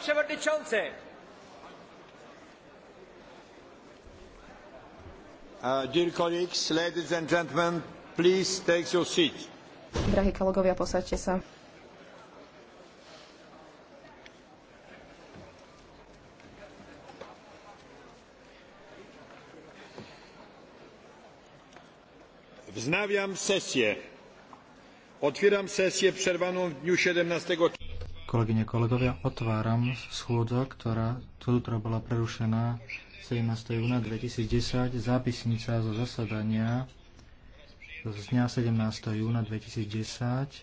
przewodniczący! Uh, dear colleagues, ladies and gentlemen, please take your seat. Drahí kolegovia, posaďte sa. Wznawiam sesie. Otwieram sesie przerwaną w dniu 17 kolegyne, kolegovia, otváram schôdza, ktorá zútra bola prerušená 17. júna 2010, zápisnica zo zasadania z dňa 17. júna 2010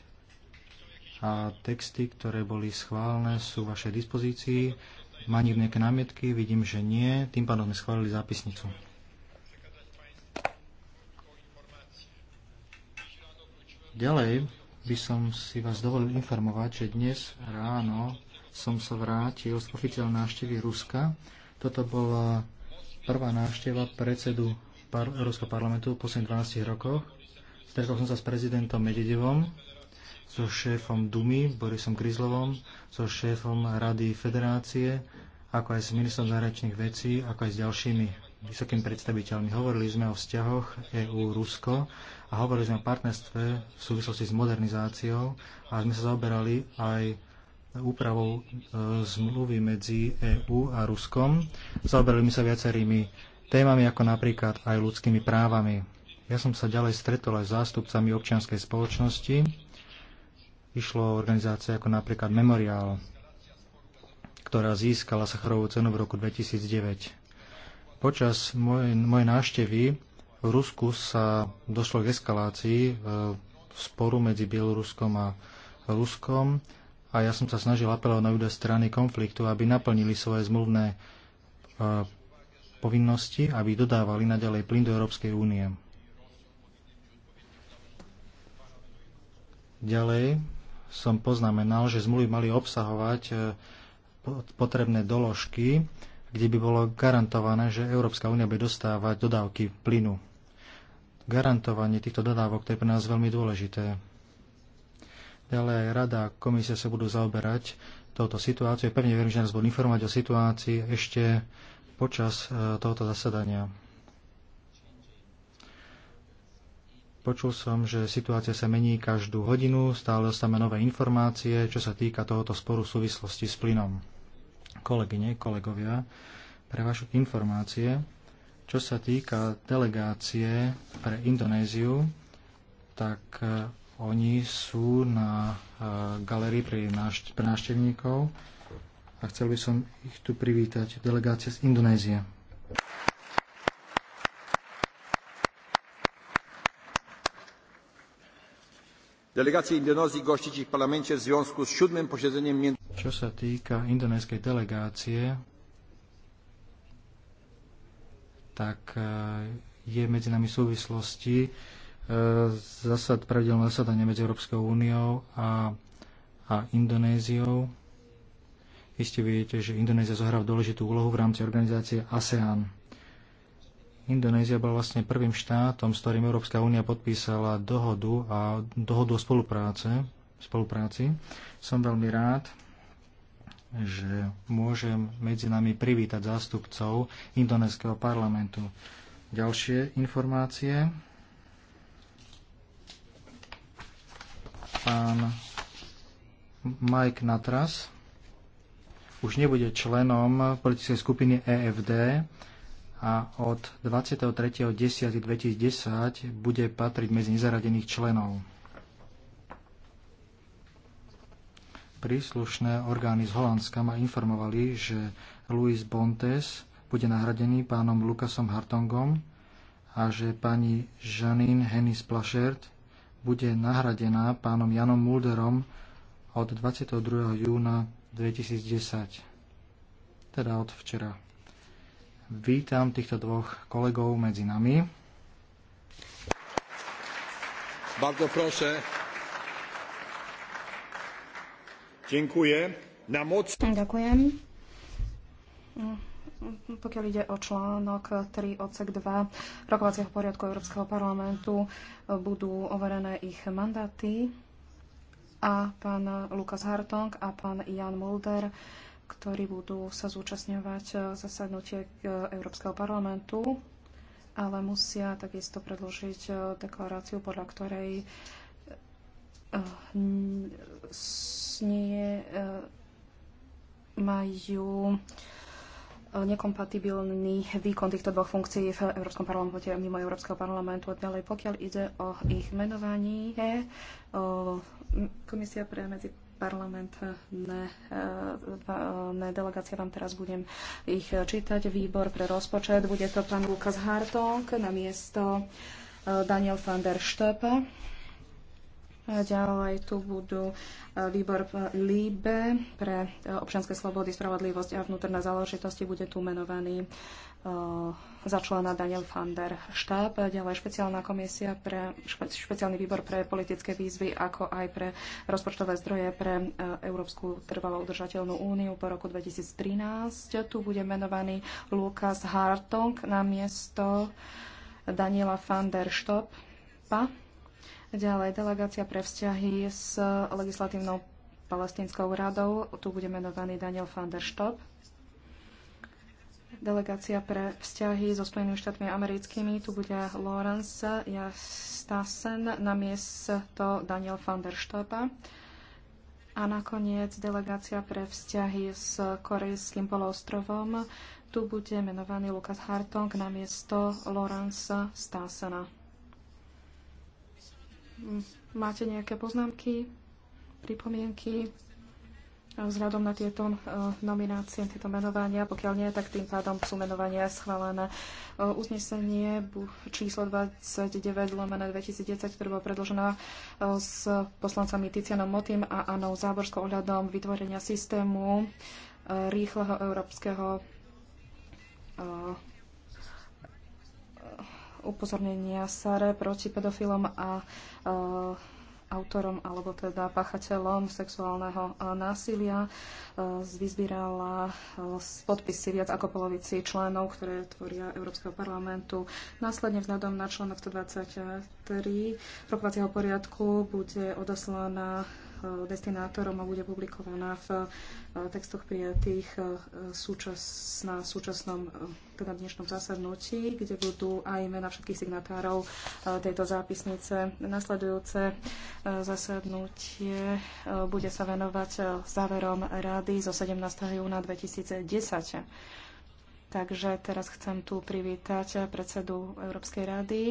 a texty, ktoré boli schválené, sú v vašej dispozícii. Má niekto nejaké námietky? Vidím, že nie. Tým pádom sme schválili zápisnicu. Ďalej by som si vás dovolil informovať, že dnes ráno som sa vrátil z oficiálnej návštevy Ruska. Toto bola prvá návšteva predsedu par- Ruského parlamentu v posledných 12 rokoch. Stretol som sa s prezidentom Medvedevom, so šéfom Dumy Borisom Grizlovom, so šéfom Rady Federácie, ako aj s ministrom zahraničných vecí, ako aj s ďalšími vysokými predstaviteľmi. Hovorili sme o vzťahoch EÚ-Rusko a hovorili sme o partnerstve v súvislosti s modernizáciou a sme sa zaoberali aj úpravou e, zmluvy medzi EÚ a Ruskom. Zaoberali sme sa viacerými témami, ako napríklad aj ľudskými právami. Ja som sa ďalej stretol aj s zástupcami občianskej spoločnosti. Išlo o organizácie ako napríklad Memoriál, ktorá získala Sacharovú cenu v roku 2009. Počas mojej, mojej návštevy v Rusku sa došlo k eskalácii v e, sporu medzi Bieloruskom a Ruskom a ja som sa snažil apelovať na obidve strany konfliktu, aby naplnili svoje zmluvné e, povinnosti, aby dodávali naďalej plyn do Európskej únie. Ďalej som poznamenal, že zmluvy mali obsahovať e, potrebné doložky, kde by bolo garantované, že Európska únia bude dostávať dodávky plynu. Garantovanie týchto dodávok to je pre nás veľmi dôležité. Ďalej rada a komisia sa budú zaoberať touto situáciou. Pevne verím, že nás budú informovať o situácii ešte počas e, tohoto zasadania. Počul som, že situácia sa mení každú hodinu, stále dostávame nové informácie, čo sa týka tohoto sporu v súvislosti s plynom kolegyne, kolegovia, pre vašu informácie. Čo sa týka delegácie pre Indonéziu, tak e, oni sú na e, galerii pre, nášt- pre návštevníkov a chcel by som ich tu privítať. Delegácia z Indonézie. Delegacja Indonezji gościć w parlamencie w związku z siódmym posiedzeniem čo sa týka indonéskej delegácie, tak e, je medzi nami súvislosti e, zasad, pravidelné zasadanie medzi Európskou úniou a, a Indonéziou. Iste viete, že Indonézia zohrá dôležitú úlohu v rámci organizácie ASEAN. Indonézia bola vlastne prvým štátom, s ktorým Európska únia podpísala dohodu a dohodu o spolupráce, spolupráci. Som veľmi rád, že môžem medzi nami privítať zástupcov indonéskeho parlamentu. Ďalšie informácie. Pán Mike Natras už nebude členom politickej skupiny EFD a od 23.10.2010 bude patriť medzi nezaradených členov. príslušné orgány z Holandska ma informovali, že Luis Bontes bude nahradený pánom Lukasom Hartongom a že pani Janine Hennis Plašert bude nahradená pánom Janom Mulderom od 22. júna 2010, teda od včera. Vítam týchto dvoch kolegov medzi nami. Bardzo proszę Ďakujem. Moc... Ďakujem. Pokiaľ ide o článok 3 odsek 2 rokovacieho poriadku Európskeho parlamentu, budú overené ich mandáty a pán Lukas Hartong a pán Jan Mulder ktorí budú sa zúčastňovať zasadnutie Európskeho parlamentu, ale musia takisto predložiť deklaráciu, podľa ktorej nie eh, majú eh, nekompatibilný výkon týchto dvoch funkcií v Európskom parlamente a mimo Európskeho parlamentu. Ďalej, pokiaľ ide o ich menovanie, eh, Komisia pre medzi parlament ne delegácia, vám teraz budem ich čítať. Výbor pre rozpočet bude to pán Lukas Hartong na miesto Daniel van der Stöpe Ďalej tu budú e, výbor LIBE pre e, občianske slobody, spravodlivosť a vnútorné záležitosti. Bude tu menovaný e, za člena Daniel van der Štáb, ďalej špeciálna komisia pre špe, špeciálny výbor pre politické výzvy, ako aj pre rozpočtové zdroje pre Európsku trvalo udržateľnú úniu po roku 2013. Tu bude menovaný Lukas Hartong na miesto Daniela van der Štoppa Ďalej, delegácia pre vzťahy s legislatívnou palestínskou radou. Tu bude menovaný Daniel van der Stop. Delegácia pre vzťahy so Spojenými štátmi americkými. Tu bude Lawrence Jastasen na miesto Daniel van der Stopa. A nakoniec delegácia pre vzťahy s Korejským polostrovom. Tu bude menovaný Lukas Hartong na miesto Lawrence Stasena máte nejaké poznámky, pripomienky vzhľadom na tieto e, nominácie, tieto menovania. Pokiaľ nie, tak tým pádom sú menovania schválené. E, uznesenie číslo 29 lomené 2010, ktoré bolo predložené e, s poslancami Ticianom Motým a Anou Záborskou ohľadom vytvorenia systému rýchleho európskeho upozornenia SARE proti pedofilom a e, autorom alebo teda pachateľom sexuálneho e, násilia. zvyzbírala e, podpisy viac ako polovici členov, ktoré tvoria Európskeho parlamentu. Následne vzhľadom na článok 123 rokovacieho poriadku bude odoslaná Eh, destinátorom a bude publikovaná v eh, textoch prijatých eh, súčas, na súčasnom, teda dnešnom zasadnutí, kde budú aj mena všetkých signatárov tejto zápisnice. Nasledujúce zasadnutie bude sa venovať záverom rady zo 17. júna 2010. Takže teraz chcem tu privítať predsedu Európskej rady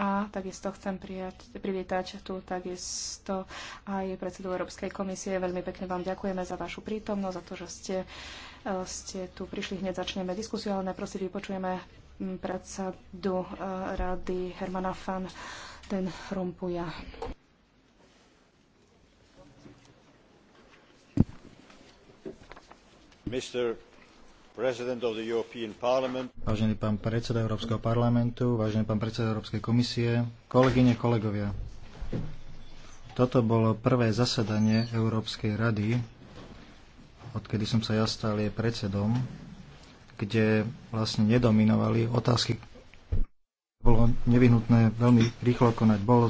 a takisto chcem prijať, privítať tu takisto aj predsedu Európskej komisie. Veľmi pekne vám ďakujeme za vašu prítomnosť, za to, že ste, eh, ste tu prišli. Hneď začneme diskusiu, ale najprv si vypočujeme mm, predsedu eh, rady Hermana Fan ten Rompuja. Mr. Vážený pán predseda Európskeho parlamentu, vážený pán predseda Európskej komisie, kolegyne, kolegovia. Toto bolo prvé zasadanie Európskej rady, odkedy som sa ja stal jej predsedom, kde vlastne nedominovali otázky, bolo nevyhnutné veľmi rýchlo konať. Bolo